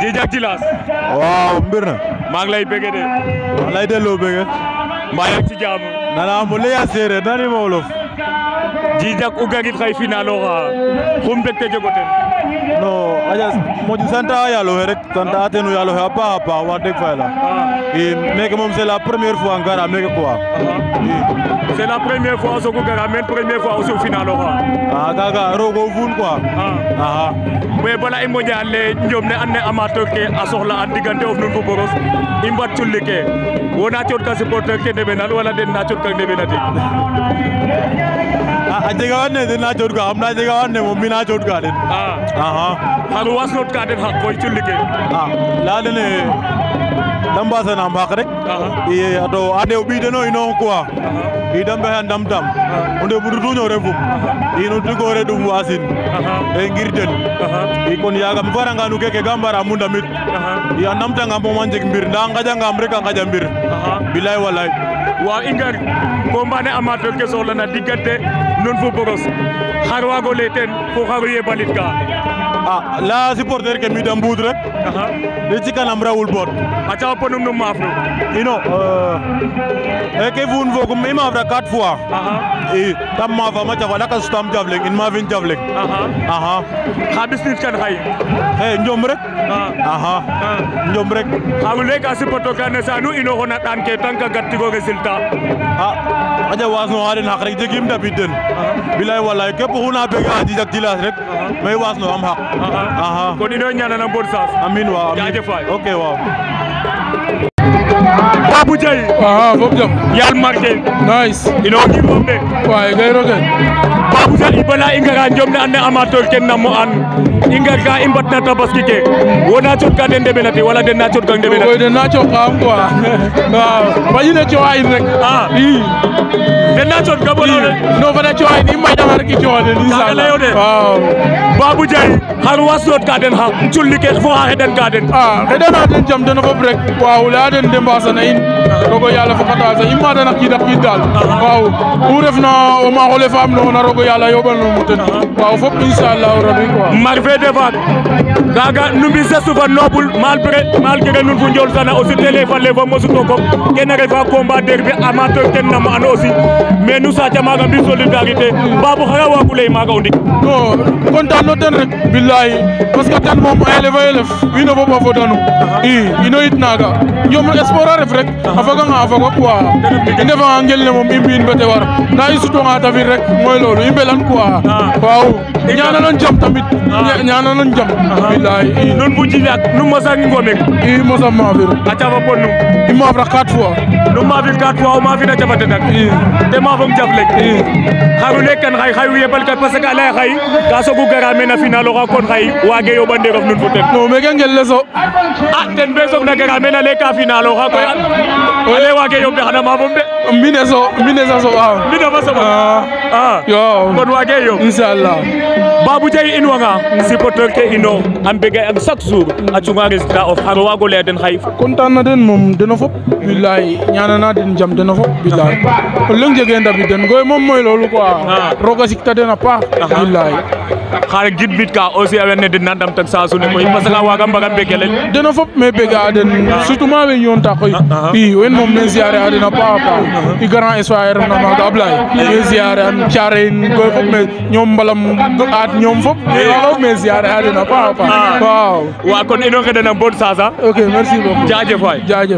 Djidji ak Djilass waaw mbir na maa ngi lay bëgge de maa lay delloo bëgge mbaa yaa ngi ci jàmm nana mo leya séeréer nani ma wolof jijak ugagit xay final oxa xum mbegteje go ten non aja moƴu santa a yaaloxe rek santa a tenu yaaloxe a paax a paax wax deg fa yala i meke moom c'est la première fois ngara meke quoi c'est la première fois o soogu gara men première fois aussi o final oxa a kaga roogo fuun quoi axa mais bala i moƴa le njom ne and naye amateur ke a soxla an digante of nun fo boros i mbat culli ke wona cooɗka supporteur ke ndeɓenal wala den na cooɗka ndeɓena ten Ah, a jega wa andoona yee den na cooxka xam ndaa a jega wa andoona yee moom mi' na cooxka den xan o waasnoodka den xaq koy cunni ke layaa dene ɗambaasana mbaak rek i to a ɗeew ɓiideno inoox quoi iidam ɓexey a ndamtam o ndeɓudutuño refum ino tigoore ɗum waasin e ngir den i kon yaaga mi faranga no keke ga mbara mu ndamit i a ndamtanga mooma jeg mbir ndaa nqaƴangaam rek mbir bilay walay waaw i ngar combat ne amateur ke soxlana diggante nuun fo boros xar waago lay teen fo xar o yeɓalit kaa ah la supporter ke miɗen mbuud rek ɗe cikanam rawul boot aca po num num maafnu ino e ke fuun fogum i maafra quatre fois Ah ah. i tam maafama cafaɗa ka sutam jafleng in maafin jafleng aha xa ɓisnit kan xay e njom rek aha njom rek xa wule ka supporter ka ne sa nu inoxona ɗaan ke tan ka gat tigo résultat xaƴa waasno xa den xaq rek jegiim ndabid den bilaay walaay képp oxu na bega a jijak jilas rek mais am xaq kon ino ñaanana bonne ok waaw Babou Diaye waaw Babou Diaye You marqué nice ino gimomde waay gayroge Babou Diaye bala Inga, ngara jomne ande amateur ken namo an Inga, ngar ka i mbatna tabaski ke wona cootka den ndeɓenati wala den na cootka ndeɓenati den na cookaam quoi waaw fayine cooxa in rek a i den na cootka bolone non fada cooxa in i mbaƴanga rek i cooxa den insaaga leyo de waaw Babou Diaye xar wasloot ka den xa culli ke fo xa xeɗan ka den a xeɗana den jam dena fop rek waaw leya den de na in rogo yalla fokata sa immade nak kida kid dal waaw ku refna o maxo le faam noona rogo yalla yoɓal no ten waaw fop inchallahu rabbi marfe defat kaga nu mbi gestu fa noble malgré malgré nun fo njool sana aussi te ley fa le fa mosuto kene refa combat derby amateur ten nama ano aussi mais nu saca maga mbi solidarité babu xara waagu ley maga o ndik non content no ten rek billahi parce que ten moom a élève a élève a a afaga nga afaga quoi i ndefa nga ngel ne moom i mbi'in bete war nda i sutonga tamit rek mooy loolu i mbelan quoi ah. waaw ñaananon jam tamit ñaananon jam bilaay i nun mujji yaak nu mosa ngingo meg i mosa maafir a cafa pod num i maafra quatre fois nu maafir quatre fois o maafir a cafa tedak te maafom jaf lek xaru lek kan xay xay yebal ka parce que a laya xay ka soogu gara a nun fo ten non ngel le so a ah, ten fe soog na gara meen a ley ka final oxa koy ole wake yombe hana mavombe mine so mine so waaw mine fa sobo ah. ah yo kon wage yo inshallah babu jey in wanga supporter ke am bege am chaque jour a cunga résultat of xaro wago leya den xay kontaan na den moom dena fop billahi ñaana den jam dena fop billahi o leng jege ndabi den goy moom mooy loolu quoi ah. roga sikta den a paax billahi xar gidmit ka aussi a wene den na ndam tak saa ne koy parce que waga mbaga bege leñ fop me bege den ah. surtout ma we koy i wen moom i grand histoire refna maga Ablaye me ziare an Thiare in koy fop me ñoom mbalam aat ñoom fop fop me ziare a den a a paax waaw wa ah. kon ino xeɗana bonne chance ok merci beaucoup jaajëf waay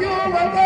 you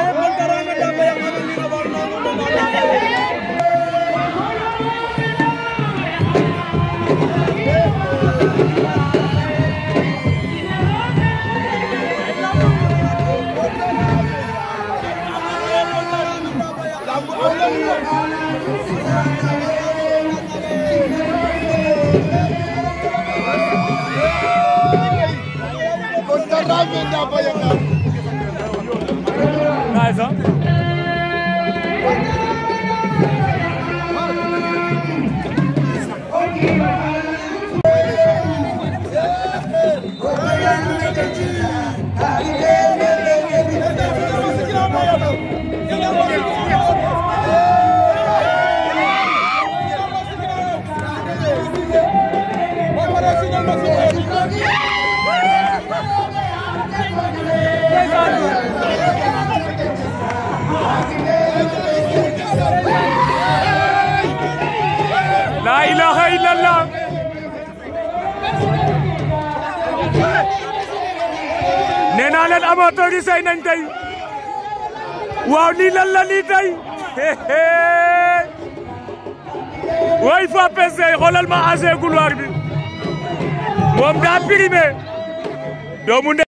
Nice, huh? Hallelujah. nee naa leen amateur yi say nañ tey waaw lii lan la lii tey way Fapes sey xoolal ma AC couloir bi moom daa primé doomu